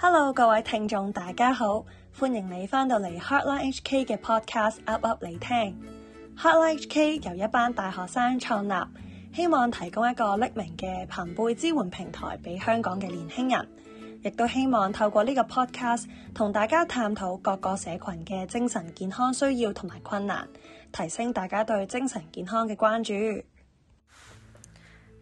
Hello，各位聽眾，大家好，歡迎你翻到嚟 Heartline HK 嘅 Podcast 噏噏你聽。Heartline HK 由一班大學生創立，希望提供一個匿名嘅朋輩支援平台俾香港嘅年輕人，亦都希望透過呢個 Podcast 同大家探討各個社群嘅精神健康需要同埋困難，提升大家對精神健康嘅關注。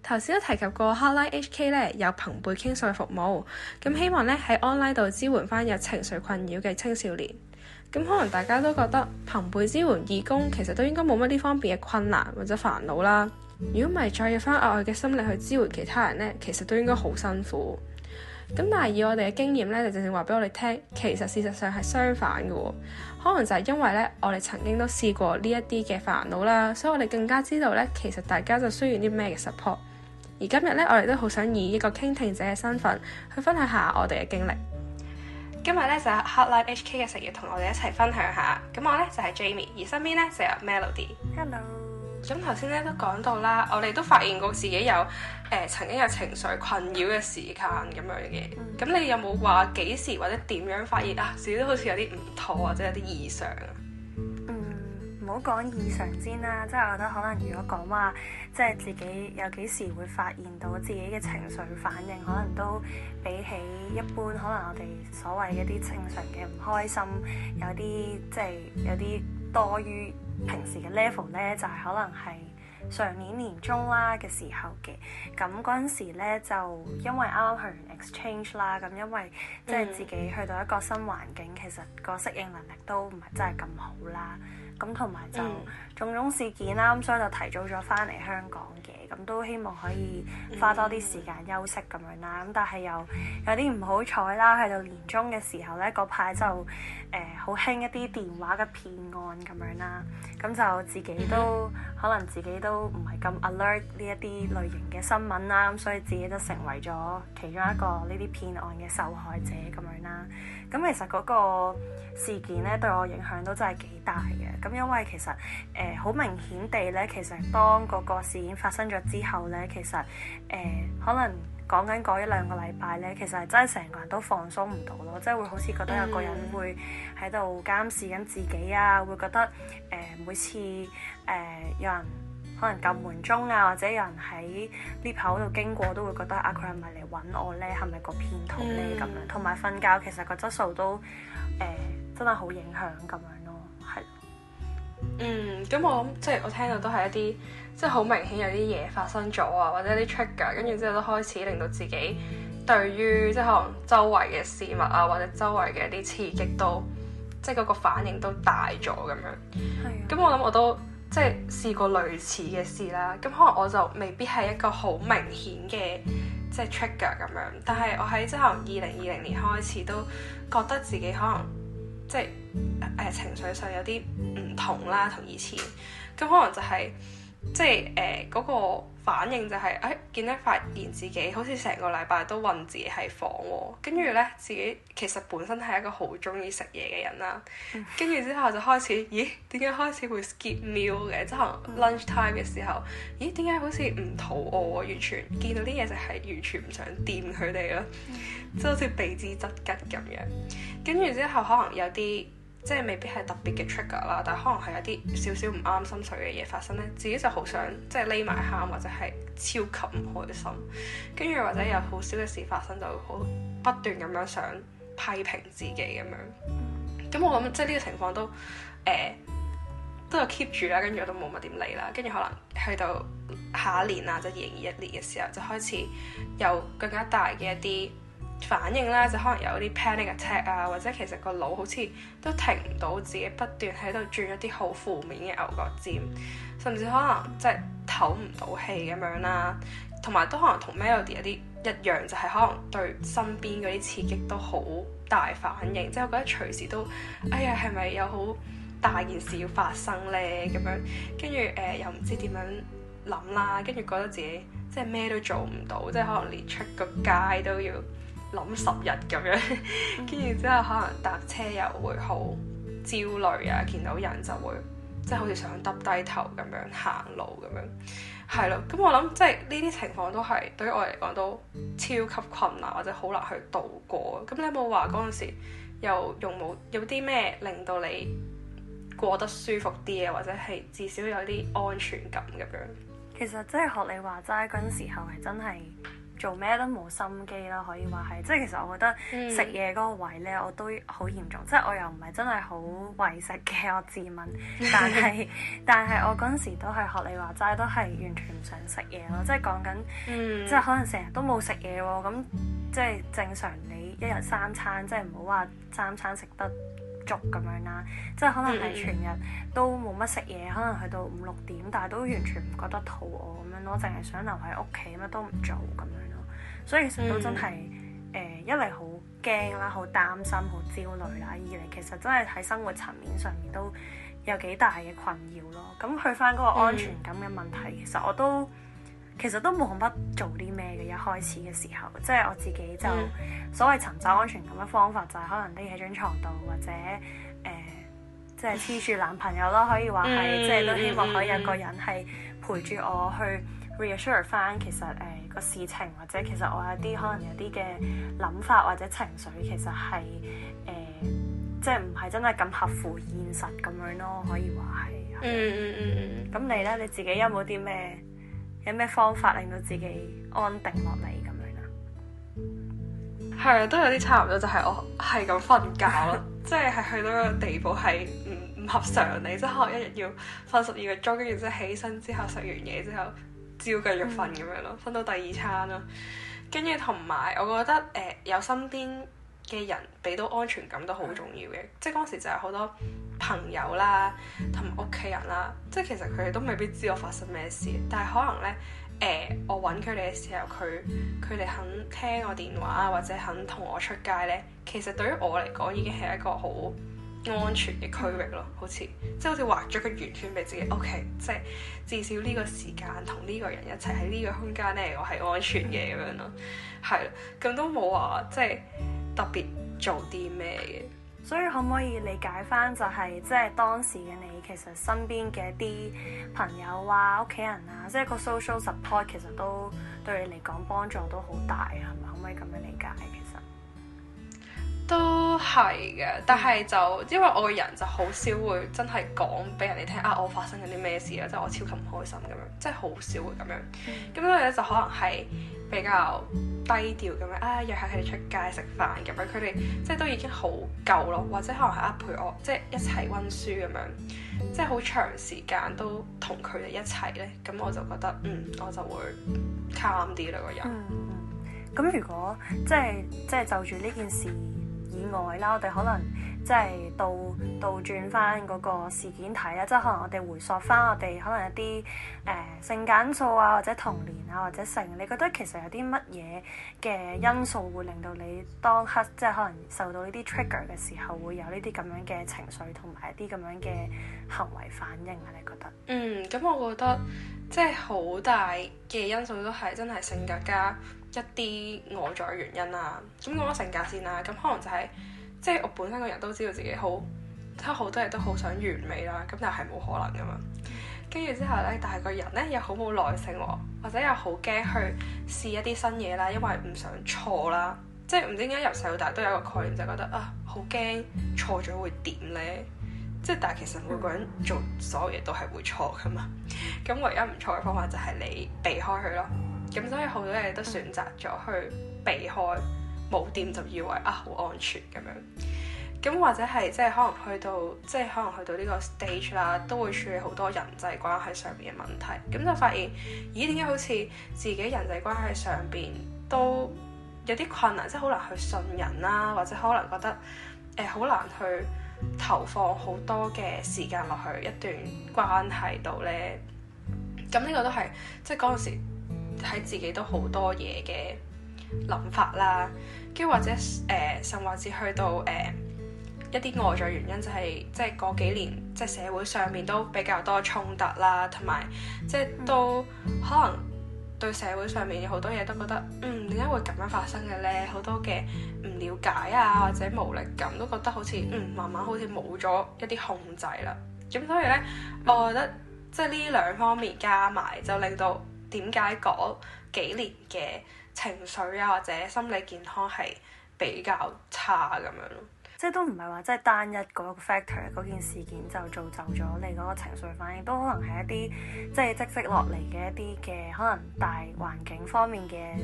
頭先都提及過 HeartlineHK 咧有朋輩傾訴服務咁，希望咧喺 online 度支援翻有情緒困擾嘅青少年。咁可能大家都覺得朋輩支援義工其實都應該冇乜呢方面嘅困難或者煩惱啦。如果唔係再入翻額外嘅心理去支援其他人咧，其實都應該好辛苦。咁但係以我哋嘅經驗咧，就正正話俾我哋聽，其實事實上係相反嘅。可能就係因為咧，我哋曾經都試過呢一啲嘅煩惱啦，所以我哋更加知道咧，其實大家就需要啲咩嘅 support。而今日咧，我哋都好想以一個傾聽者嘅身份去分享下我哋嘅經歷。今日咧就係、是、HeartlineHK 嘅成員，同我哋一齊分享下。咁我咧就係、是、Jamie，而身邊咧就有 Melody。Hello。咁頭先咧都講到啦，我哋都發現過自己有誒、呃、曾經有情緒困擾嘅時間咁樣嘅。咁、嗯、你有冇話幾時或者點樣發現啊？自己都好似有啲唔妥或者有啲異常？唔好講異常先啦，即係我覺得可能如果講話，即係自己有幾時會發現到自己嘅情緒反應，可能都比起一般可能我哋所謂一啲正常嘅唔開心，有啲即係有啲多於平時嘅 level 呢，就係可能係上年年中啦嘅時候嘅。咁嗰陣時呢，就因為啱啱去完 exchange 啦，咁因為即係自己去到一個新環境，其實個適應能力都唔係真係咁好啦。咁同埋就種種事件啦，咁、嗯、所以就提早咗翻嚟香港嘅，咁都希望可以花多啲時間休息咁、嗯、樣啦。咁但係又有啲唔好彩啦，喺到年終嘅時候咧，嗰排就誒好興一啲電話嘅騙案咁樣啦。咁就自己都可能自己都唔係咁 alert 呢一啲類型嘅新聞啦，咁所以自己都成為咗其中一個呢啲騙案嘅受害者咁樣啦。咁其實嗰個事件咧對我影響都真係幾大嘅，咁因為其實誒好、呃、明顯地咧，其實當嗰個事件發生咗之後咧，其實誒、呃、可能講緊嗰一兩個禮拜咧，其實係真係成個人都放鬆唔到咯，即係會好似覺得有個人會喺度監視緊自己啊，會覺得誒、呃、每次誒、呃、有人，可能撳門鐘啊，或者有人喺呢口度經過，都會覺得啊，佢 r 係咪嚟揾我呢？係咪個騙徒呢？咁、嗯、樣，同埋瞓覺其實個質素都誒、呃，真係好影響咁樣咯。係。嗯、咁、嗯、我諗即係我聽到都係一啲，即係好明顯有啲嘢發生咗啊，或者啲 trigger，跟住之後都開始令到自己對於即係可能周圍嘅事物啊，或者周圍嘅一啲刺激都，即係嗰個反應都大咗咁樣。係的。咁我諗我都。即係試過類似嘅事啦，咁可能我就未必係一個好明顯嘅即係 trigger 咁樣，但係我喺即係二零二零年開始都覺得自己可能即係誒、呃、情緒上有啲唔同啦，同以前咁可能就係、是。即係誒嗰個反應就係誒見到發現自己好似成個禮拜都困自己喺房喎，跟住咧自己其實本身係一個好中意食嘢嘅人啦，跟住、嗯、之後就開始咦點解開始會 skip meal 嘅，即可能 lunch time 嘅時候，咦點解好似唔肚餓喎，啊，完全見到啲嘢就係完全唔想掂佢哋咯，嗯、即係好似避之則吉咁樣，跟住之後可能有啲。即係未必係特別嘅 trigger 啦，但係可能係有啲少少唔啱心水嘅嘢發生咧，自己就好想即係匿埋喊或者係超級唔開心，跟住或者有好少嘅事發生就好不斷咁樣想批評自己咁樣。咁我諗即係呢個情況都誒都有 keep 住啦，跟住我都冇乜點理啦，跟住可能去到下一年啊，即係二零二一年嘅時候就開始有更加大嘅一啲。反應咧就是、可能有啲 panic attack 啊，或者其實個腦好似都停唔到自己不斷喺度轉一啲好負面嘅牛角尖，甚至可能即係唞唔到氣咁樣啦，同埋都可能同 melody 有啲一,一樣，就係、是、可能對身邊嗰啲刺激都好大反應，即、就、係、是、我覺得隨時都哎呀係咪有好大件事要發生呢？咁樣，跟住誒又唔知點樣諗啦，跟住覺得自己即係咩都做唔到，即係可能連出個街都要。諗十日咁樣，跟住之後可能搭車又會好焦慮啊，見到人就會即係好似想耷低頭咁樣行路咁樣，係咯。咁我諗即係呢啲情況都係對於我嚟講都超級困難或者好難去度過。咁你有冇話嗰陣時又用冇有啲咩令到你過得舒服啲啊，或者係至少有啲安全感咁樣？其實真係學你話齋嗰陣時候係真係。做咩都冇心機啦，可以話係，即係其實我覺得食嘢嗰個位呢我都好嚴重，mm. 即係我又唔係真係好為食嘅我自問，但係 但係我嗰陣時都係學你話齋，都係完全唔想食嘢咯，即係講緊，即係可能成日都冇食嘢喎，咁即係正常你一日三餐，即係唔好話三餐食得足咁樣啦，即係可能係全日都冇乜食嘢，可能去到五六點，但係都完全唔覺得肚餓咁樣，我淨係想留喺屋企乜都唔做咁樣。所以其實都真係誒、嗯呃、一嚟好驚啦，好擔心，好焦慮啦；二嚟其實真係喺生活層面上面都有幾大嘅困擾咯。咁去翻嗰個安全感嘅問題，嗯、其實我都其實都冇乜做啲咩嘅。一開始嘅時候，即係我自己就、嗯、所謂尋找安全感嘅方法，就係可能匿喺張床度，或者誒即係黐住男朋友咯。可以話係即係都希望可以有個人係陪住我去 reassure 翻其實誒。呃個事情或者其實我有啲可能有啲嘅諗法或者情緒其實係誒、呃、即係唔係真係咁合乎現實咁樣咯，可以話係。嗯嗯嗯嗯，咁你咧，你自己有冇啲咩有咩方法令到自己安定落嚟，咁樣啊係啊，都有啲差唔多就係，是、我係咁瞓覺咯，即係係去到個地步係唔唔合常理，即係可能一日要瞓十二個鐘，跟住即係起身之後食完嘢之後。照繼續瞓咁樣咯，瞓到第二餐啦。跟住同埋我覺得誒、呃、有身邊嘅人俾到安全感都好重要嘅，嗯、即係當時就係好多朋友啦，同埋屋企人啦。即係其實佢哋都未必知我發生咩事，但係可能呢，誒、呃，我揾佢哋嘅時候，佢佢哋肯聽我電話，或者肯同我出街呢，其實對於我嚟講，已經係一個好安全嘅區域咯，好似即係好似畫咗個圓圈俾自己。OK，即係至少呢個時間同呢個人一齊喺呢個空間咧，我係安全嘅咁樣咯。係咁都冇話即係特別做啲咩嘅。所以可唔可以理解翻就係即係當時嘅你，其實身邊嘅一啲朋友啊、屋企人啊，即係個 social support 其實都對你嚟講幫助都好大，係咪？可唔可以咁樣理解？都係嘅，但係就因為我個人就好少會真係講俾人哋聽啊，我發生咗啲咩事啊，即係我超級唔開心咁樣，即係好少會咁樣。咁咧就可能係比較低調咁樣，啊約下佢哋出街食飯咁樣，佢哋即係都已經好夠咯，或者可能係啊陪我即係一齊溫書咁樣，即係好長時間都同佢哋一齊咧。咁我就覺得嗯，我就會 calm 啲咯個人。咁、嗯、如果即係即係就住呢件事。以外啦，我哋可能即係倒倒轉翻嗰個事件睇啦，即係可能我哋回溯翻我哋可能一啲誒、呃、性格因素啊，或者童年啊，或者成，你覺得其實有啲乜嘢嘅因素會令到你當刻即係可能受到呢啲 trigger 嘅時候，會有呢啲咁樣嘅情緒同埋一啲咁樣嘅行為反應啊？你覺得？嗯，咁我覺得即係好大嘅因素都係真係性格加。一啲外在原因啦、啊，咁講下性格先啦。咁可能就係即係我本身個人都知道自己好，即係好多嘢都好想完美啦。咁但係冇可能噶嘛。跟住之後咧，但係個人咧又好冇耐性、啊，或者又好驚去試一啲新嘢啦，因為唔想錯啦。即係唔知點解由細到大都有一個概念，就覺得啊好驚錯咗會點咧。即係但係其實每個人做所有嘢都係會錯噶嘛。咁唯一唔錯嘅方法就係你避開佢咯。咁所以好多嘢都選擇咗去避開，冇掂，就以為啊好安全咁樣。咁或者係即係可能去到即係可能去到呢個 stage 啦，都會處理好多人際關係上面嘅問題。咁就發現咦，點解好似自己人際關係上邊都有啲困難？即係好難去信人啦、啊，或者可能覺得誒好、呃、難去投放好多嘅時間落去一段關係度咧。咁呢個都係即係嗰陣時。喺自己都好多嘢嘅諗法啦，跟住或者誒、呃，甚至去到誒、呃、一啲外在原因，就係，就係即係嗰幾年，即係社會上面都比較多衝突啦，同埋即係都可能對社會上面有好多嘢都覺得，嗯，點解會咁樣發生嘅咧？好多嘅唔了解啊，或者無力感，都覺得好似嗯，慢慢好似冇咗一啲控制啦。咁所以咧，我覺得即係呢兩方面加埋，就令到。點解嗰幾年嘅情緒啊，或者心理健康係比較差咁樣咯？即係都唔係話即係單一嗰個 factor，嗰件事件就造就咗你嗰個情緒反應，都可能係一啲即係積積落嚟嘅一啲嘅可能大環境方面嘅。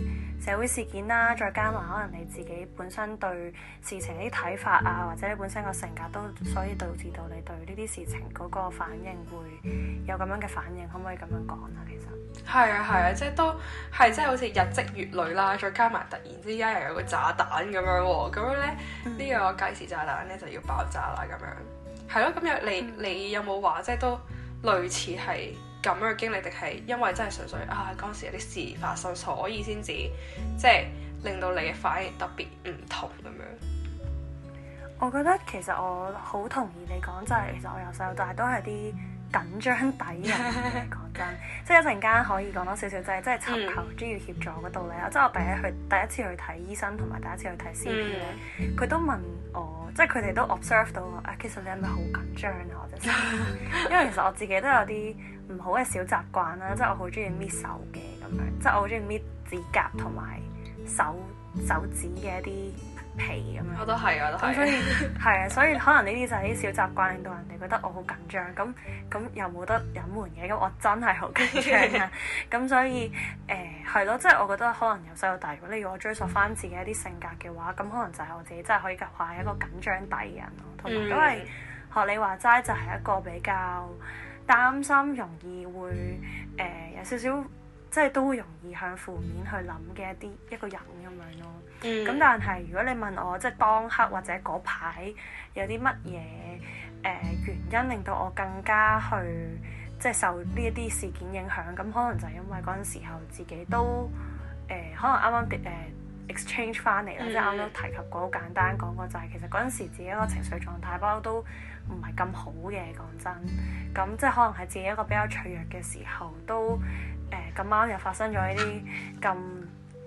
社會事件啦，再加埋可能你自己本身對事情啲睇法啊，或者你本身個性格都，所以導致到你對呢啲事情嗰個反應會有咁樣嘅反應，可唔可以咁樣講啊？其實係啊，係啊，即係都係即係好似日積月累啦，再加埋突然之間又有個炸彈咁樣喎，咁樣咧呢、嗯、個計時炸彈咧就要爆炸啦咁樣，係咯。咁樣你你有冇話即係都類似係咁樣嘅經歷，定係因為真係純粹啊，嗰陣時有啲事發生，所以先至即係令到你嘅反應特別唔同咁樣。我覺得其實我好同意你講，就係、是、其實我由細到大都係啲緊張底人。講 真，即係一陣間可以講多少少，就係、是、即係尋求專業協助嗰道理。嗯、即係我第一去第一次去睇醫生同埋第一次去睇 CP 咧，佢都問我，即係佢哋都 observe 到我、啊，其實你係咪好緊張啊？或者、就是， 因為其實我自己都有啲。唔好嘅小習慣啦，即係我好中意搣手嘅咁樣，即係我好中意搣指甲同埋手手指嘅一啲皮咁樣。我都係啊，都係。咁所以係啊， 所以可能呢啲就係啲小習慣，令到人哋覺得我好緊張。咁咁又冇得隱瞞嘅，咁我真係好緊張啊！咁 所以誒，係咯、 嗯，即係、欸就是、我覺得可能由細到大，如果你要我追溯翻自己一啲性格嘅話，咁可能就係我自己真係可以話係一個緊張底人咯。同埋因為學你話齋，就係一個比較。擔心容易會誒、呃、有少少，即係都會容易向負面去諗嘅一啲一個人咁樣咯。咁、嗯、但係如果你問我，即係當刻或者嗰排有啲乜嘢誒原因令到我更加去即係受呢一啲事件影響，咁可能就係因為嗰陣時候自己都誒、呃、可能啱啱跌 exchange 翻嚟啦，mm hmm. 即係啱啱提及過，好簡單講過，就係，就係其實嗰陣時自己一個情緒狀態，不嬲都唔係咁好嘅，講真。咁即係可能係自己一個比較脆弱嘅時候，都誒咁啱又發生咗呢啲咁。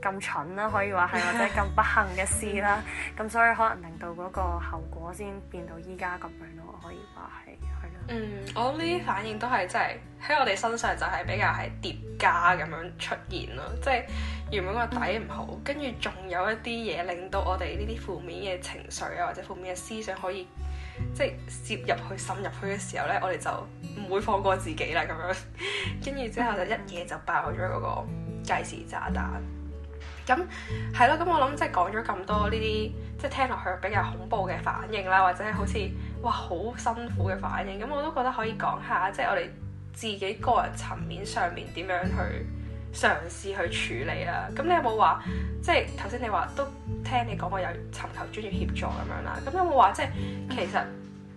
咁蠢啦、啊，可以話係或者咁不幸嘅事啦、啊，咁 所以可能令到嗰個後果先變到依家咁樣咯，可以話係係咯。嗯，我呢啲反應都係真係喺我哋身上就係比較係疊加咁樣出現咯，即係原本個底唔好，跟住仲有一啲嘢令到我哋呢啲負面嘅情緒啊或者負面嘅思想可以即係涉入去、滲入去嘅時候呢，我哋就唔會放過自己啦咁樣，跟 住之後就一嘢就爆咗嗰個計時炸彈。咁係咯，咁我諗即係講咗咁多呢啲，即係聽落去比較恐怖嘅反應啦，或者係好似哇好辛苦嘅反應。咁我都覺得可以講下，即係我哋自己個人層面上面點樣去嘗試去處理啦、啊。咁你有冇話，即係頭先你話都聽你講過有尋求專業協助咁樣啦。咁有冇話即係其實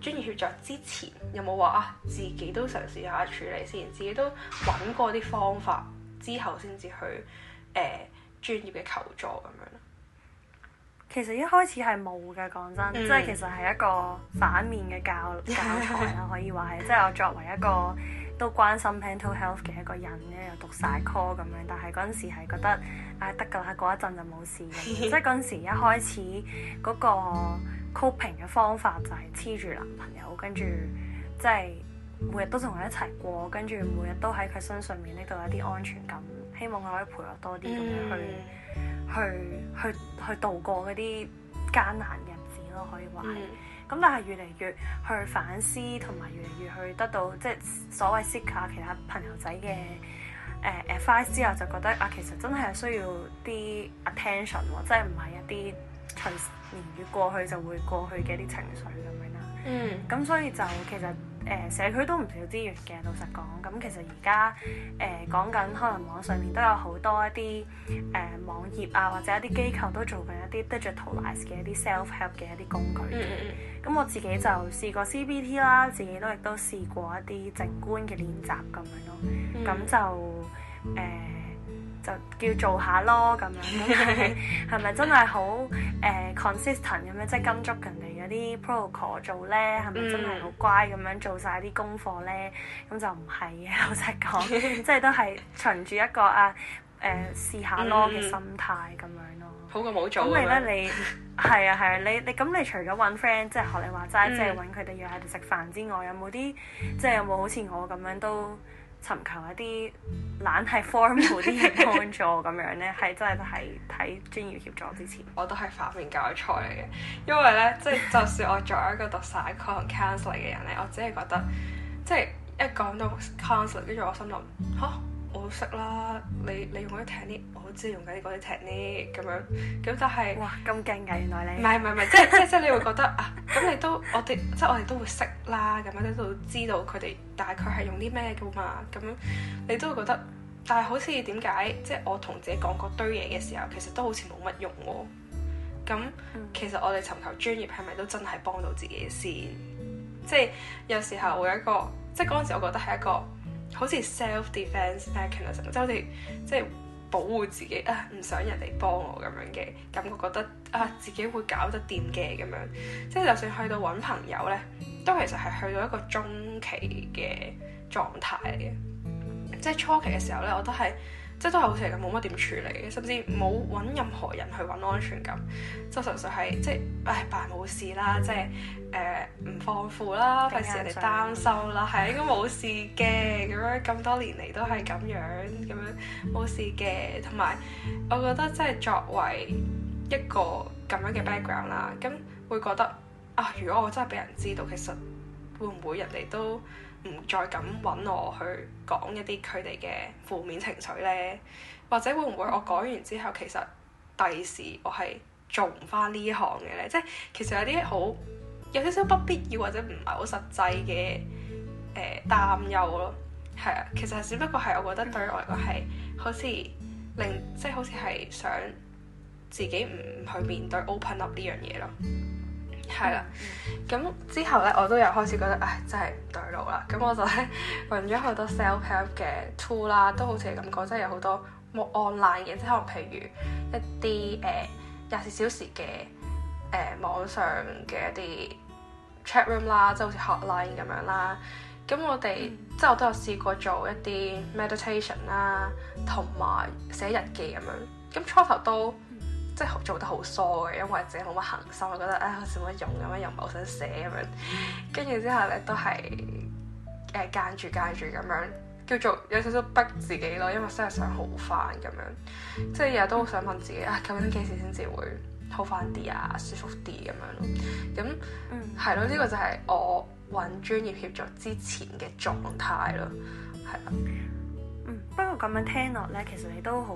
專業協助之前有冇話啊自己都嘗試下處理先，自己都揾過啲方法之後先至去誒？呃專業嘅求助咁樣，其實一開始係冇嘅，講真，mm. 即係其實係一個反面嘅教教材啦。可以話係， 即係我作為一個都關心 mental health 嘅一個人咧，又讀晒 psych 咁樣，但係嗰陣時係覺得，唉、啊，得㗎啦，過一陣就冇事嘅。 即係嗰陣時一開始嗰那個 coping 嘅方法就係黐住男朋友，跟住即係。每日都同佢一齊過，跟住每日都喺佢身上面拎到一啲安全感，希望佢可以陪我多啲咁、嗯、樣去、嗯、去去去渡過嗰啲艱難日子咯，可以話係。咁、嗯、但係越嚟越去反思同埋越嚟越去得到，即係所謂 seek 下其他朋友仔嘅誒誒 advice 之後，就覺得啊，其實真係需要啲 attention、哦、即係唔係一啲隨年月過去就會過去嘅一啲情緒咁樣啦。嗯，咁、嗯、所以就其實。誒社區都唔少資源嘅，老實講咁、嗯，其實而家誒講緊，可能網上面都有好多一啲誒、呃、網頁啊，或者一啲機構都做緊一啲 digitalize 嘅一啲 self help 嘅一啲工具咁、嗯、我自己就試過 CBT 啦，自己都亦都試過一啲靜觀嘅練習咁樣咯。咁、嗯嗯、就誒。呃就叫做下咯咁樣，係咪真係好誒 consistent 咁樣，即係跟足人哋嗰啲 protocol 做咧？係咪真係好乖咁樣做晒啲功課咧？咁就唔係嘅，老實講，即係都係循住一個啊誒試下咯嘅心態咁樣咯，好過冇做。咁你咧你係啊係啊，你你咁你除咗揾 friend 即係學你話齋，即係揾佢哋約喺度食飯之外，有冇啲即係有冇、就是、好似我咁樣都？尋求一啲懶係 formal 啲嘅幫助咁 樣咧，係真係喺睇專業協助之前， 我都係反面教材嚟嘅。因為咧，即、就、係、是、就算我作為一個讀曬 counselling 嚟嘅人咧，我只係覺得，即係一講到 counselling 跟住我心諗嚇。我識啦，你你用嗰啲 technique？我好知用緊啲嗰啲 technique。咁樣，咁就係哇咁勁㗎，原來你唔係唔係唔係，即 即即你會覺得啊，咁你都我哋即我哋都會識啦，咁樣都知道佢哋大概係用啲咩噶嘛，咁你都會覺得，但係好似點解即我同自己講嗰堆嘢嘅時候，其實都好似冇乜用喎，啊。咁其實我哋尋求專業係咪都真係幫到自己先？即有時候會有一個，即嗰陣時我覺得係一個。好似 self defense mechanism，即係我哋即係保護自己啊，唔想人哋幫我咁樣嘅，感覺覺得啊，自己會搞得掂嘅咁樣，即係就算去到揾朋友咧，都其實係去到一個中期嘅狀態嘅，即係初期嘅時候咧，我都係。即都係好似咁，冇乜點處理甚至冇揾任何人去揾安全感，即係純粹係即係唉，扮冇事啦，即係誒唔放負啦，費事人哋擔心啦，係 應該冇事嘅，咁樣咁多年嚟都係咁樣，咁樣冇事嘅。同埋我覺得即係作為一個咁樣嘅 background 啦，咁會覺得啊，如果我真係俾人知道，其實會唔會人哋都？唔再噉揾我去講一啲佢哋嘅負面情緒呢？或者會唔會我講完之後，其實第時我係做唔返呢行嘅呢？即係其實有啲好有少少不必要或者唔係好實際嘅誒擔憂咯。係啊，其實只不過係我覺得對於我嚟講係好似令即係好似係想自己唔去面對 open up 呢樣嘢咯。係啦，咁之後咧，我都有開始覺得，唉，真係唔對路啦。咁我就咧揾咗好多 self help 嘅 tool 啦，都好似咁講，即係有好多 online 嘅，即係可能譬如一啲誒廿四小時嘅誒、呃、網上嘅一啲 chat room 啦，嗯、即係好似 hotline 咁樣啦。咁我哋即係我都有試過做一啲 meditation 啦，同埋寫日記咁樣。咁初頭都，即係做得好疏嘅，因為自己冇乜恒心，我覺得啊好似冇乜用咁樣，又唔係好想寫咁樣，跟住之後咧都係誒間住間住咁樣，叫做有少少逼自己咯，因為真係想好翻咁樣，即係日日都好想問自己啊，究竟幾時先至會好翻啲啊，舒服啲咁樣咯，咁嗯係咯，呢個就係我揾專業協助之前嘅狀態咯，係啦，嗯不過咁樣聽落咧，其實你都好，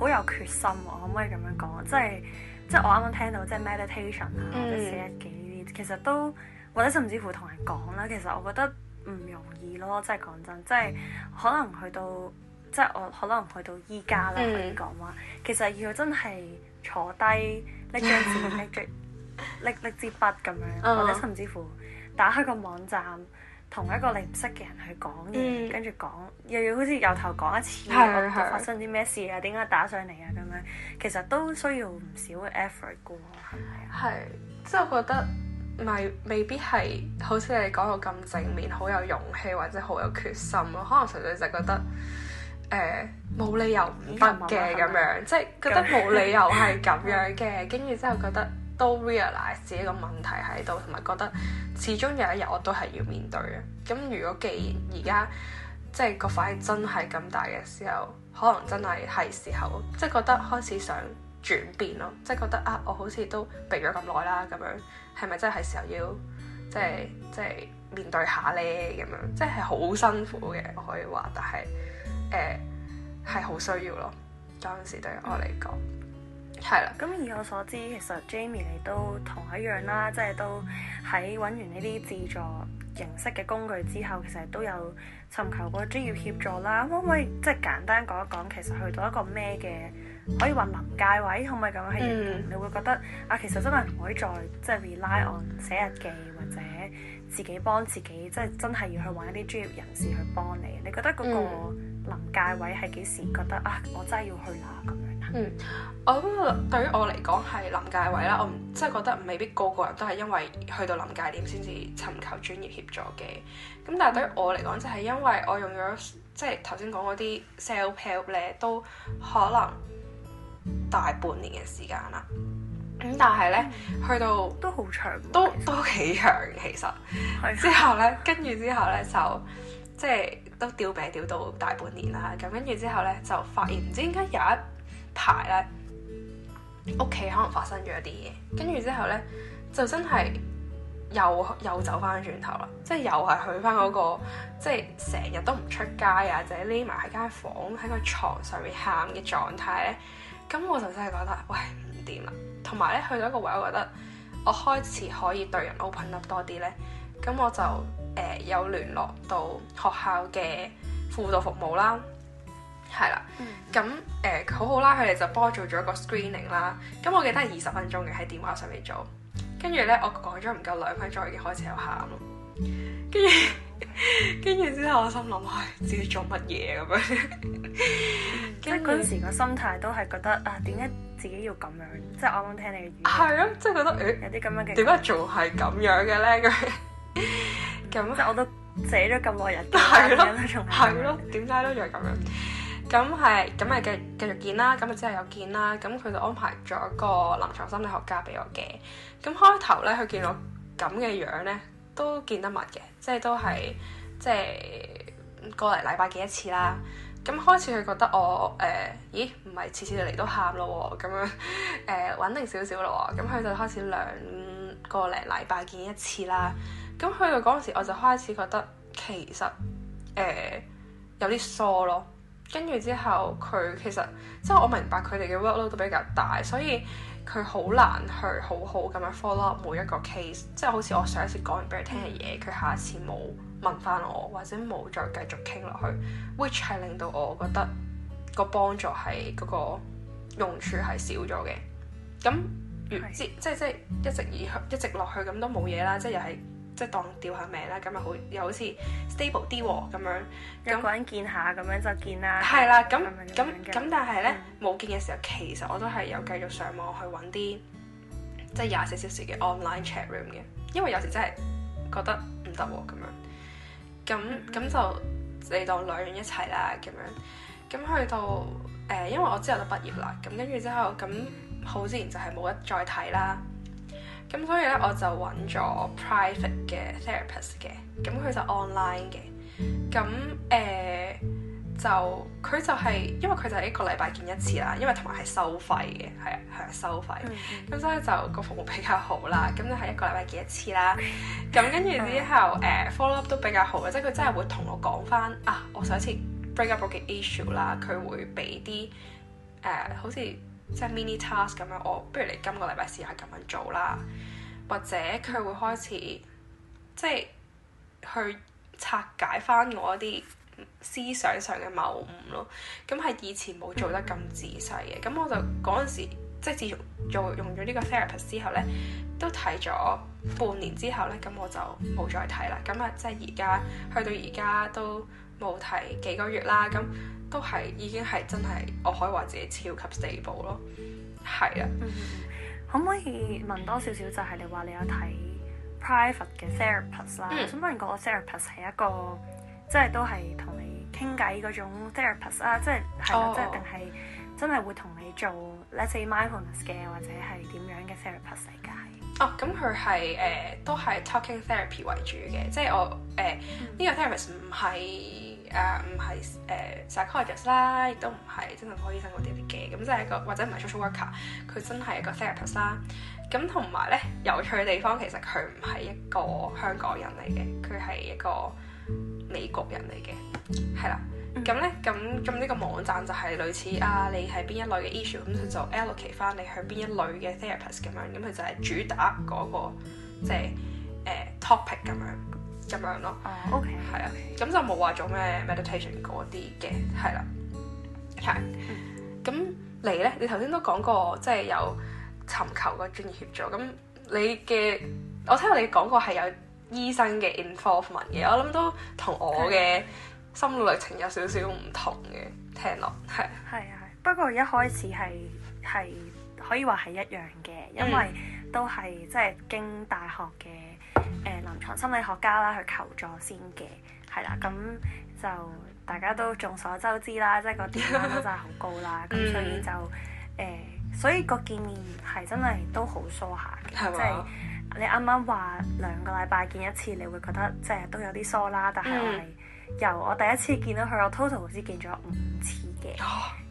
好有決心，我可唔可以咁樣講？即係即係我啱啱聽到即係 meditation 啊，嗯、或者寫筆記呢啲，其實都或者甚至乎同人講啦。其實我覺得唔容易咯，即係講真，真，即係、嗯、可能去到即係我可能去到依家啦，可以講話，嗯、其實要真係坐低拎張紙，拎住拎拎支筆咁樣，或者甚至乎打開個網站。同一個你唔識嘅人去講嘢，跟住、嗯、講又要好似由頭講一次，我哋發生啲咩事啊？點解打上嚟啊？咁樣其實都需要唔少嘅 effort 噶喎，係咪啊？係，即係我覺得咪未，未必係好似你講到咁正面，好有勇氣或者好有決心咯。可能純粹就覺得誒冇、呃、理由唔得嘅咁樣，即係是、嗯、覺得冇理由係咁樣嘅，跟住 之後覺得。都 realize 自己個問題喺度，同埋覺得始終有一日我都係要面對嘅。咁如果既然而家即係個反應真係咁大嘅時候，可能真係係時候，即係覺得開始想轉變咯。即係覺得啊，我好似都避咗咁耐啦，咁樣係咪真係係時候要即係即係面對下咧？咁樣即係好辛苦嘅，我可以話，但係誒係好需要咯。嗰陣時對我嚟講。嗯係啦，咁以我所知，其實 Jamie 你都同我一樣啦，即係都喺揾完呢啲自助形式嘅工具之後，其實都有尋求過專業協助啦。Mm. 可唔可以即係簡單講一講，其實去到一個咩嘅可以話臨界位，可唔可以咁樣？係、mm. 你會覺得啊，其實真係唔可以再即係 rely on 寫日記或者自己幫自己，即係真係要去揾一啲專業人士去幫你。你覺得嗰個臨界位係幾時覺得啊？我真係要去啦咁嗯，我對於我嚟講係臨界位啦，我唔即係覺得未必個個人都係因為去到臨界點先至尋求專業協助嘅。咁但係對於我嚟講就係因為我用咗即係頭先講嗰啲 self help 咧，都可能大半年嘅時間啦。咁但係咧，嗯、去到都好長，都都幾長其實。其實 之後咧，跟住之後咧就即係都吊命吊到大半年啦。咁跟住之後咧就發現唔知點解有一排咧屋企可能發生咗一啲嘢，跟住之後呢，就真係又又走翻轉頭啦，即係又係去翻嗰、嗰個即係成日都唔出街啊，或者匿埋喺間房喺個床上面喊嘅狀態呢。咁我就真係覺得喂，唔掂啦。同埋呢，去到一個位，我覺得我開始可以對人 open 得多啲呢。咁我就誒、呃、有聯絡到學校嘅輔導服務啦。係啦，咁誒好好啦，佢哋就幫我做咗個 screening 啦。咁我記得係二十分鐘嘅喺電話上面做，跟住咧我講咗唔夠兩分鐘已經開始又喊咯。跟住跟住之後我心諗，我係自己做乜嘢咁樣？跟住嗰陣時個心態都係覺得啊，點解自己要咁樣？即係我冇聽你嘅語。係咯、啊，即係覺得誒，欸、有啲咁樣嘅點解做係咁樣嘅咧？咁即係我都寫咗咁耐日記啦，仲係咯，點解咧仲係咁樣？ 咁係咁咪繼繼續見啦，咁啊之後又見啦，咁佢就安排咗個臨床心理學家俾我嘅。咁開頭咧，佢見我咁嘅樣咧，都見得密嘅，即係都係即係過嚟禮拜見一次啦。咁開始佢覺得我誒、呃，咦唔係次次嚟都喊咯，咁樣誒穩、呃、定少少咯。咁佢就開始兩個嚟禮拜見一次啦。咁去到嗰陣時，我就開始覺得其實誒、呃、有啲疏咯。跟住之後，佢其實即係我明白佢哋嘅 workload 都比較大，所以佢好難去好好咁樣 follow 每一個 case，即係好似我上一次講完俾佢聽嘅嘢，佢下一次冇問翻我，或者冇再繼續傾落去，which 係令到我覺得個幫助係嗰個用處係少咗嘅。咁如對即即即一直以一直落去，咁都冇嘢啦，即係又係。即係當吊下命啦，咁啊好，又好似 stable 啲喎咁樣，有個人見下咁樣就見啦。係啦樣，咁咁咁，但係咧冇見嘅時候，其實我都係有繼續上網去揾啲即係廿四小時嘅 online chat room 嘅，因為有時真係覺得唔得喎咁樣。咁咁、嗯、哼就嚟到兩個人一齊啦咁樣。咁去到誒、呃，因為我，我之後都畢業啦，咁跟住之後咁好自然就係冇得再睇啦。咁所以咧，我就揾咗 private 嘅 therapist 嘅，咁佢就 online 嘅，咁誒、呃，就佢就係、是，因為佢就係一個禮拜見一次啦，因為同埋係收費嘅，係，啊，係收費。咁、嗯、所以就個服務比較好啦。咁就係一個禮拜見一次啦，咁跟住之後，誒、 uh, follow up 都比較好嘅，即係佢真係會同我講翻啊，我上次 break up 嘅 issue 啦，佢會俾啲誒好似。即係 mini task 咁樣，我不如你今個禮拜試下咁樣做啦，或者佢會開始即係去拆解翻我一啲思想上嘅謬誤咯。咁係以前冇做得咁仔細嘅，咁我就嗰陣時即係自從做用用咗呢個 therapist 之後咧，都睇咗半年之後咧，咁我就冇再睇啦。咁啊，即係而家去到而家都。冇睇幾個月啦，咁都係已經係真係，我可以話自己超級 stable 咯，係啊、嗯。可唔可以問多少少，就係你話你有睇 private 嘅 therapist 啦、啊？嗯、我想問嗰個 therapist 係一個即係都係同你傾偈嗰種 therapist 啊，即係係啊，oh. 即係定係真係會同你做 let's say mindfulness 嘅，或者係點樣嘅 therapist 嚟㗎？哦，咁佢係誒都係 talking therapy 為主嘅，即係我誒呢個 therapist 唔係誒唔係誒 psychologist 啦，亦都唔係精神科醫生嗰啲嘅，咁即係一個或者唔係 social worker，佢真係一個 therapist 啦。咁同埋咧有趣嘅地方，其實佢唔係一個香港人嚟嘅，佢係一個美國人嚟嘅，係啦。咁咧，咁咁、嗯、呢個網站就係類似啊，你係邊一類嘅 issue，咁佢就 allocate 翻你去邊一類嘅 therapist 咁樣，咁佢就係主打嗰、嗰個即係誒 topic 咁樣，咁樣咯。OK，係啊，咁就冇話做咩 meditation 嗰啲嘅，係啦、啊。係、嗯，咁你咧？你頭先都講過即係有尋求個專業協助，咁你嘅我聽說你講過係有醫生嘅 involvement 嘅，我諗都同我嘅、嗯。心路歷程有少少唔同嘅，聽落係。係啊，不過一開始係係可以話係一樣嘅，因為都係即係經大學嘅誒、呃、臨床心理學家啦去求助先嘅，係啦、啊，咁就大家都眾所周知啦，即係個電話真係好高啦，咁 所以就誒、呃，所以個見面係真係都好疏下嘅，即係吧你啱啱話兩個禮拜見一次，你會覺得即係都有啲疏啦，但係我係。 由我第一次見到佢，我 total 好似見咗五次嘅，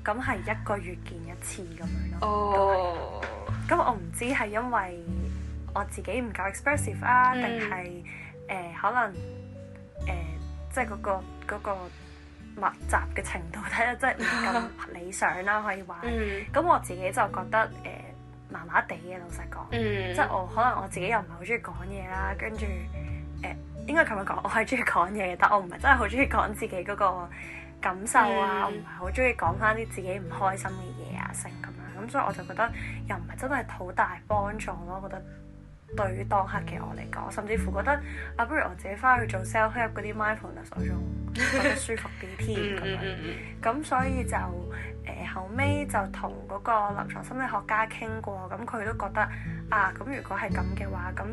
咁係、哦、一個月見一次咁樣咯。樣哦，咁我唔知係因為我自己唔夠 expressive 啊，定係誒可能誒、呃、即係嗰、嗰個嗰個嗰個密集嘅程度睇得即係唔咁理想啦、啊，可以話。咁、嗯、我自己就覺得誒麻麻地嘅老實講，即係、嗯、我可能我自己又唔係好中意講嘢啦，跟住誒。呃應該琴日講，我係中意講嘢嘅，但我唔係真係好中意講自己嗰個感受啊，mm hmm. 我唔係好中意講返啲自己唔開心嘅嘢啊，成咁樣，咁所以我就覺得又唔係真係好大幫助咯，我覺得。對於當刻嘅我嚟講，甚至乎覺得啊，不如我自己翻去做 self help 嗰啲 mindfulness 嗰種，覺得舒服啲添。咁 所以就誒、呃、後尾就同嗰個臨牀心理學家傾過，咁佢都覺得啊，咁如果係咁嘅話，咁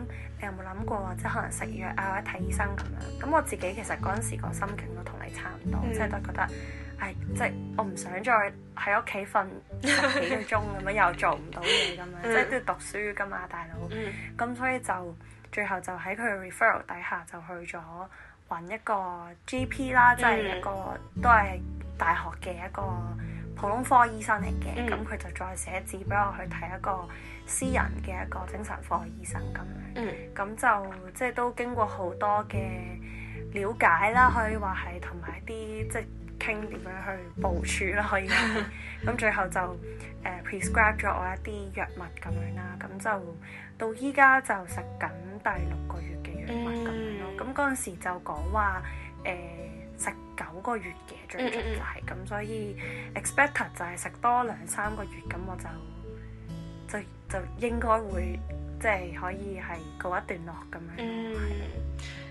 你有冇諗過或者可能食藥啊或者睇醫生咁樣？咁我自己其實嗰陣時個心境都同你差唔多，即係、嗯、都覺得。係、哎，即係我唔想再喺屋企瞓十幾個鐘咁樣， 又做唔到嘢咁樣，即係都要讀書噶嘛，大佬。咁 所以就最後就喺佢 referral 底下就去咗揾一個 GP 啦， 即係一個都係大學嘅一個普通科醫生嚟嘅。咁佢 就再寫字俾我去睇一個私人嘅一個精神科醫生咁樣。咁 就即係都經過好多嘅了解啦，可以話係同埋一啲即係。傾點樣去部署啦？可以咁， 最後就誒、uh, prescribe 咗我一啲藥物咁樣啦。咁就到依家就食緊第六個月嘅藥物咁樣咯。咁嗰陣時就講話誒食九個月嘅最終就係、是、咁，mm hmm. 所以 expected 就係食多兩三個月咁，我就就就應該會即係、就是、可以係告一段落咁樣。Mm hmm.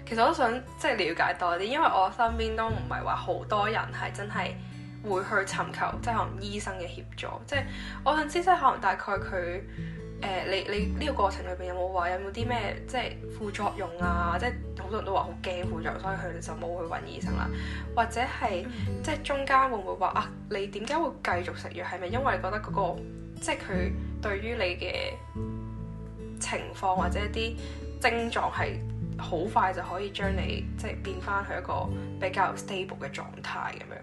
其實我都想即係了解多啲，因為我身邊都唔係話好多人係真係會去尋求即係可能醫生嘅協助。即係我想知即係可能大概佢誒、呃、你你呢個過程裏邊有冇話有冇啲咩即係副作用啊？即係好多人都話好驚副作用，所以佢就冇去搵醫生啦。或者係即係中間會唔會話啊？你點解會繼續食藥？係咪因為你覺得嗰、那個即係佢對於你嘅情況或者一啲症狀係？好快就可以將你即係變翻去一個比較 stable 嘅狀態咁樣。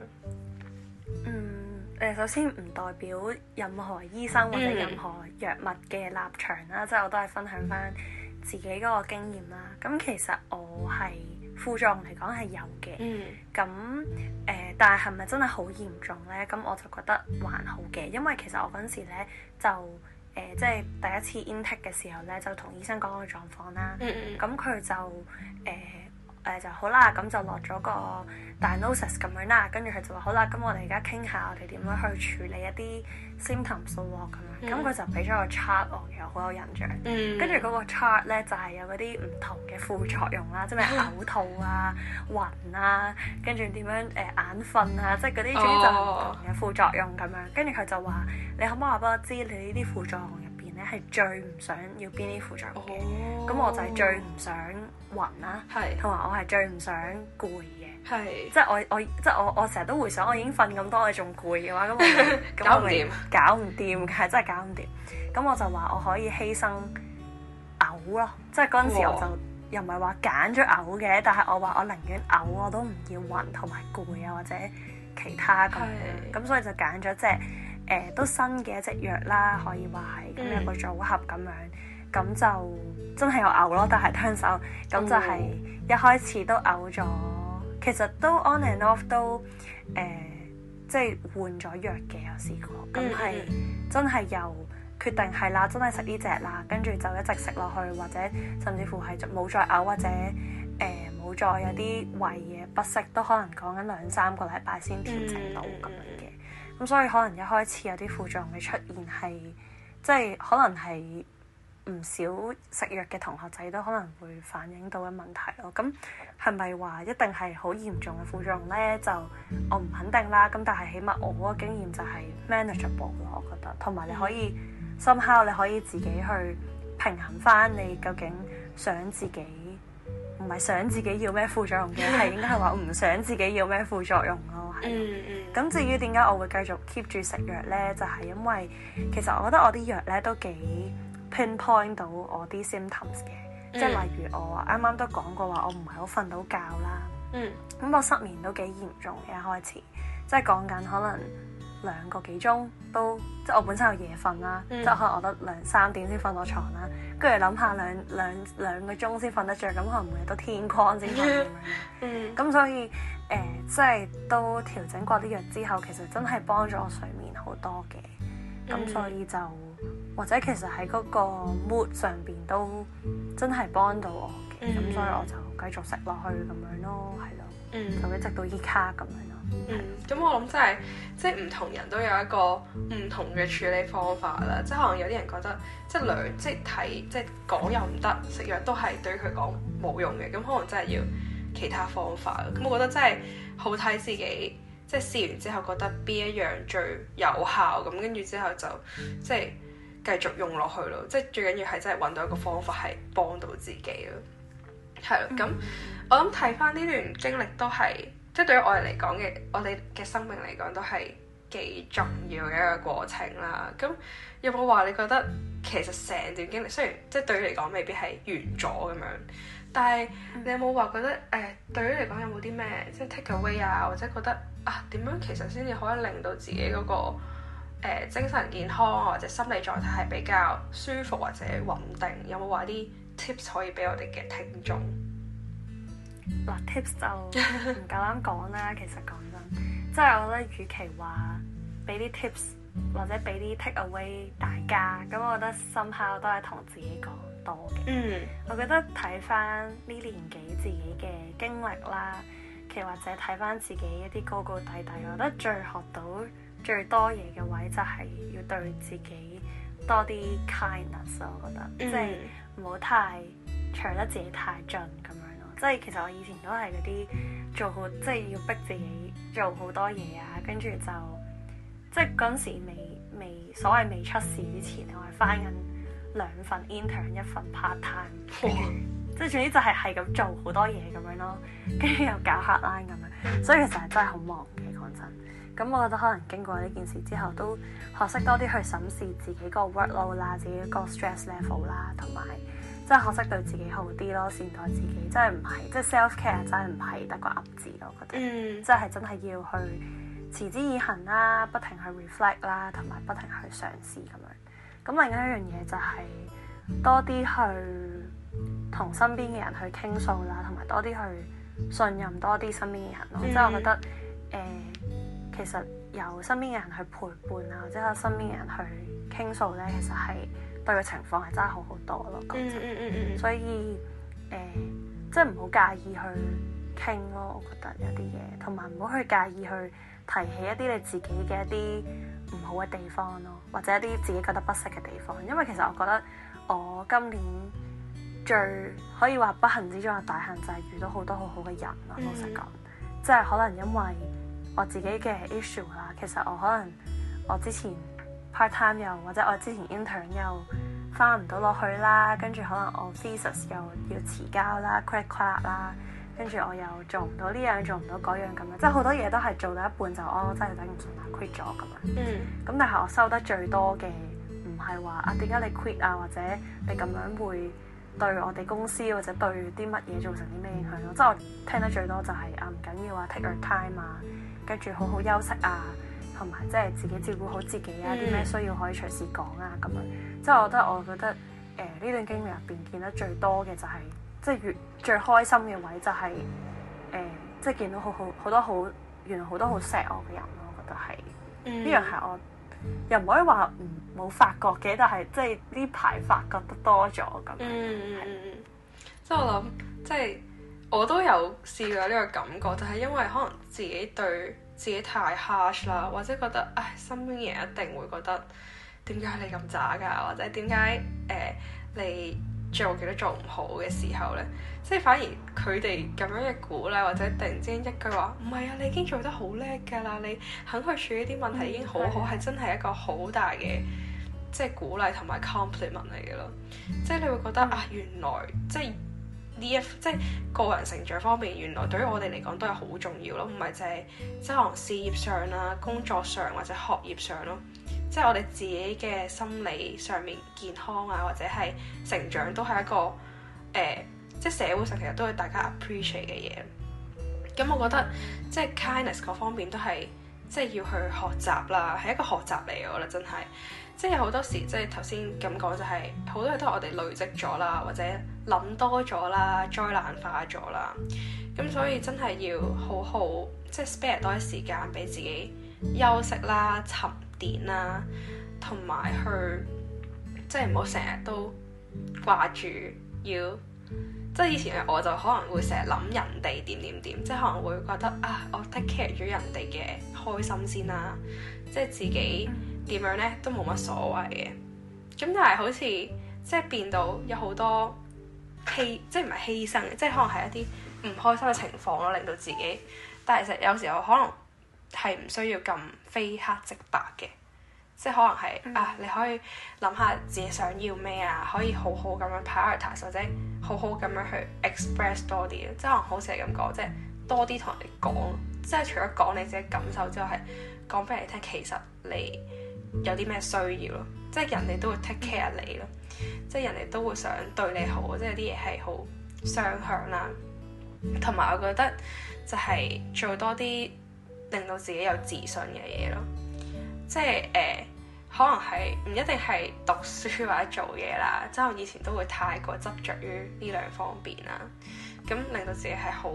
嗯，誒首先唔代表任何醫生或者任何藥物嘅立場啦，嗯、即係我都係分享翻自己嗰個經驗啦。咁其實我係副作用嚟講係有嘅，咁誒、嗯呃，但係係咪真係好嚴重咧？咁我就覺得還好嘅，因為其實我嗰陣時咧就。誒、呃，即係第一次 intake 嘅時候咧，就同醫生講個狀況啦。咁佢、mm hmm. 就誒。呃誒、呃、就好啦，咁就落咗個 diagnosis 咁樣啦，跟住佢就話好啦，咁我哋而家傾下我哋點樣去處理一啲 symptoms 喎咁、嗯，咁佢就俾咗個 chart 我，其實好有印象。嗯，跟住嗰個 chart 咧就係、是、有嗰啲唔同嘅副作用啦，嗯、即係嘔吐啊、暈啊，跟住點樣誒、呃、眼瞓啊，即係嗰啲就係唔同嘅副作用咁樣。哦、跟住佢就話你可唔可以話俾我知你呢啲副作用？係最唔想要邊啲副作用嘅，咁、oh. 我就係最唔想暈啦、啊，同埋 Yes. 我係最唔想攰嘅 Yes.，即係我我即係我我成日都會想，我已經瞓咁多，我仲攰嘅話，咁我咁 搞唔掂定，係 真係搞唔掂。咁我就話我可以犧牲嘔咯，即係嗰陣時我就又唔係話揀咗嘔嘅，但係我話我寧願嘔我都唔要暈同埋攰啊，或者其他咁樣，咁 Yes. Yes. 所以就揀咗即係。就是誒、呃、都新嘅一隻藥啦，可以話係咁一個組合咁樣，咁就真係有嘔咯，但係聽首咁就係一開始都嘔咗，嗯、其實都 on and off 都誒即係換咗藥嘅有試過，咁係真係由決定係啦，真係食呢隻啦，跟住就一直食落去，或者甚至乎係冇再嘔或者誒冇、呃、再有啲胃嘢不適，都可能講緊兩三個禮拜先調整到咁樣嘅。嗯嗯。咁所以可能一開始有啲副作用嘅出現，係即係可能係唔少食藥嘅同學仔都可能會反映到嘅問題咯。咁係咪話一定係好嚴重嘅副作用咧？就我唔肯定啦。咁但係起碼我個經驗就係 manageable 咯，我覺得。同埋你可以 somehow，你可以自己去平衡返你究竟想自己。唔係想自己要咩副作用嘅，係應該係話唔想自己要咩副作用咯、嗯。嗯嗯。咁至於點解我會繼續 keep 住食藥咧，就係、是、因為其實我覺得我啲藥咧都幾 pinpoint 到我啲 symptoms 嘅，嗯、即係例如我啱啱都講過話，我唔係好瞓到覺啦。嗯。咁我失眠都幾嚴重嘅，一開始，即係講緊可能。兩個幾鐘，都即係我本身有夜瞓啦，嗯、即係可能我得兩三點先瞓到床啦，跟住諗下兩兩兩個鐘先瞓得着，咁可能每日都天光先咁樣。嗯、所以誒、呃，即係都調整過啲藥之後，其實真係幫咗我睡眠好多嘅。咁、嗯、所以就或者其實喺嗰個 mood 上邊都真係幫到我嘅。咁、嗯、所以我就繼續食落去咁樣咯，係咯，就一、是嗯、直到依家咁樣。嗯，咁我諗真係，即係唔同人都有一個唔同嘅處理方法啦。即係可能有啲人覺得，即係兩，即係睇，即係講又唔得，食藥都係對佢講冇用嘅。咁可能真係要其他方法。咁、嗯、我覺得真係好睇自己，即係試完之後覺得邊一樣最有效，咁跟住之後就即係繼續用落去咯。即係最緊要係真係揾到一個方法係幫到自己咯。係啦，咁我諗睇翻呢段經歷都係。即係對於我哋嚟講嘅，我哋嘅生命嚟講都係幾重要嘅一個過程啦。咁有冇話你覺得其實成段經歷雖然即係對於嚟講未必係完咗咁樣，但係你有冇話覺得誒、呃、對於嚟講有冇啲咩即係 take away 啊，或者覺得啊點樣其實先至可以令到自己嗰、那個、呃、精神健康、啊、或者心理狀態係比較舒服或者穩定？有冇話啲 tips 可以俾我哋嘅聽眾？嗱 tips 就唔夠膽講啦， 其實講真，即係我覺得，與其話俾啲 tips 或者俾啲 take away 大家，咁我覺得深刻都係同自己講多嘅。嗯，我覺得睇翻呢年紀自己嘅經歷啦，其實或者睇翻自己一啲高高低低，我覺得最學到最多嘢嘅位就係要對自己多啲 kindness，我覺得，即係唔好太除得自己太盡咁。即係其實我以前都係嗰啲做好，即係要逼自己做好多嘢啊，跟住就即係嗰陣時未未所謂未出事之前，我係返緊兩份 intern，一份 part time， 即係總之就係係咁做好多嘢咁樣咯，跟住又搞 Heartline 咁樣，所以其實係真係好忙嘅，講真。咁我覺得可能經過呢件事之後，都學識多啲去審視自己個 workload 啦，自己個 stress level 啦，同埋。即係學識對自己好啲咯，善待自己，真係唔係， 即係 self care 真係唔係得個噏字咯，我覺得，即係真係要去持之以恒啦，不停去 reflect 啦，同埋不停去嘗試咁樣。咁另一樣嘢就係多啲去同身邊嘅人去傾訴啦，同埋多啲去信任多啲身邊嘅人咯。 即係我覺得，誒、呃，其實由身邊嘅人去陪伴啊，或者由身邊嘅人去傾訴咧，其實係。對嘅情況係真係好好多咯，嗯嗯嗯、所以誒，即係唔好介意去傾咯，我覺得有啲嘢，同埋唔好去介意去提起一啲你自己嘅一啲唔好嘅地方咯，或者一啲自己覺得不適嘅地方，因為其實我覺得我今年最可以話不幸之中嘅大幸就係遇到好多好好嘅人咯，嗯、老實講，即係可能因為我自己嘅 issue 啦，其實我可能我之前，Part time 又或者我之前 intern 又翻唔到落去啦，跟住可能我 thesis 又要遲交啦，quit 咗啦，跟住我又做唔到呢樣做唔到嗰樣咁樣，即係好多嘢都係做到一半就哦，真係頂唔順啦，quit 咗咁樣。嗯。咁但係我收得最多嘅唔係話啊點解你 quit 啊，或者你咁樣會對我哋公司或者對啲乜嘢造成啲咩影響咯？即係我聽得最多就係、啊係啊唔緊要啊，take your time 啊，跟住好好休息啊。同埋即係自己照顧好自己啊！啲咩、嗯、需要可以隨時講啊！咁樣即係我覺得，我覺得誒呢段經歷入邊見得最多嘅就係、是，即、就、係、是、越最開心嘅位就係、是、誒，即、呃、係、就是、見到好好好多好原來好多好錫我嘅人咯、啊，我覺得係呢樣係我又唔可以話唔冇發覺嘅，但係即係呢排發覺得多咗咁樣。嗯嗯嗯，即係是、嗯、我諗，即、就、係、是、我都有試過呢個感覺，就係、是、因為可能自己對。自己太 harsh 啦，或者覺得唉，身邊人一定會覺得點解你咁渣㗎，或者點解誒你做幾都做唔好嘅時候呢？即係反而佢哋咁樣嘅鼓勵，或者突然之間一句話唔係啊，你已經做得好叻㗎啦，你肯去處理啲問題已經好好，係、嗯、真係一個好大嘅即係鼓勵同埋 compliment 嚟嘅咯，即係你會覺得啊原來即係。即係個人成長方面，原來對於我哋嚟講都係好重要咯，唔係淨係即係事業上啦、工作上或者學業上咯，即係我哋自己嘅心理上面健康啊，或者係成長都係一個誒、呃，即係社會上其實都係大家 appreciate 嘅嘢。咁我覺得即係 kindness 嗰方面都係即係要去學習啦，係一個學習嚟嘅，我覺得真係。即係好多時，即係頭先咁講，就係好多嘢都係我哋累積咗啦，或者諗多咗啦，災難化咗啦。咁所以真係要好好即係 spare 多啲時間俾自己休息啦、沉澱啦，同埋去即係唔好成日都掛住要。即係以前我就可能會成日諗人哋點點點，即係可能會覺得啊，我 take care 咗人哋嘅開心先啦，即係自己。點樣咧都冇乜所謂嘅，咁但係好似即係變到有好多犧，即係唔係犧牲，即係可能係一啲唔開心嘅情況咯，令到自己。但係其實有時候可能係唔需要咁非黑即白嘅，即係可能係、嗯、啊，你可以諗下自己想要咩啊，可以好好咁樣 prioritize 或者好好咁樣去 express 多啲。即可能好似係咁講，即係多啲同人哋講，即係除咗講你自己感受之外，係講俾人哋聽其實你。有啲咩需要咯，即係人哋都會 take care 你咯，即係人哋都會想對你好，即係啲嘢係好雙向啦。同埋我覺得就係做多啲令到自己有自信嘅嘢咯，即係誒、呃、可能係唔一定係讀書或者做嘢啦，即係我以前都會太過執着於呢兩方面啦，咁令到自己係好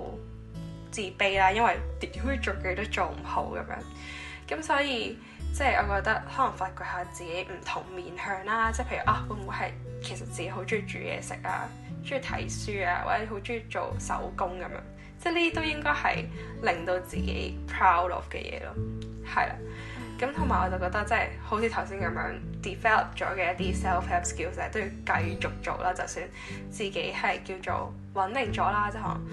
自卑啦，因為點樣做嘅嘢都做唔好咁樣，咁所以。即係我覺得可能發掘下自己唔同面向啦，即係譬如啊，會唔會係其實自己好中意煮嘢食啊，中意睇書啊，或者好中意做手工咁樣，即係呢啲都應該係令到自己 proud of 嘅嘢咯，係啦。咁同埋我就覺得即係好似頭先咁樣 develop 咗嘅一啲 self-help skills，都要繼續做啦。就算自己係叫做穩定咗啦，即可能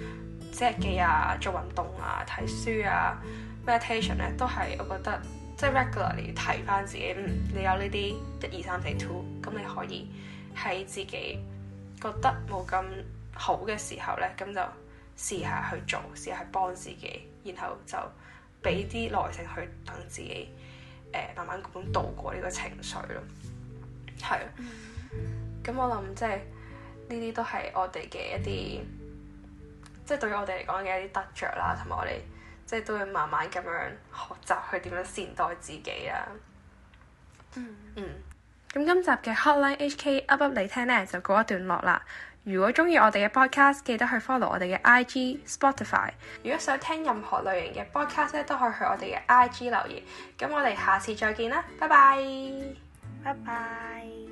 即寫日記啊、做運動啊、睇書啊、meditation 咧、啊，都係我覺得。即係 regularly 要睇返自己，嗯、你有呢啲一二三四 two，咁你可以喺自己覺得冇咁好嘅時候咧，咁就試下去做，試下去幫自己，然後就俾啲耐性去等自己，誒、呃、慢慢咁度過呢個情緒咯。係，咁我諗即係呢啲都係我哋嘅一啲，即係對於我哋嚟講嘅一啲得着啦，同埋我哋。即係都要慢慢咁樣學習去點樣善待自己啦。嗯，咁、嗯、今集嘅 HeartlineHK 噏噏你聽咧就告一段落啦。如果中意我哋嘅 podcast，記得去 follow 我哋嘅 IG Spotify。如果想聽任何類型嘅 podcast 咧，都可以去我哋嘅 IG 留言。咁我哋下次再見啦，拜拜，拜拜。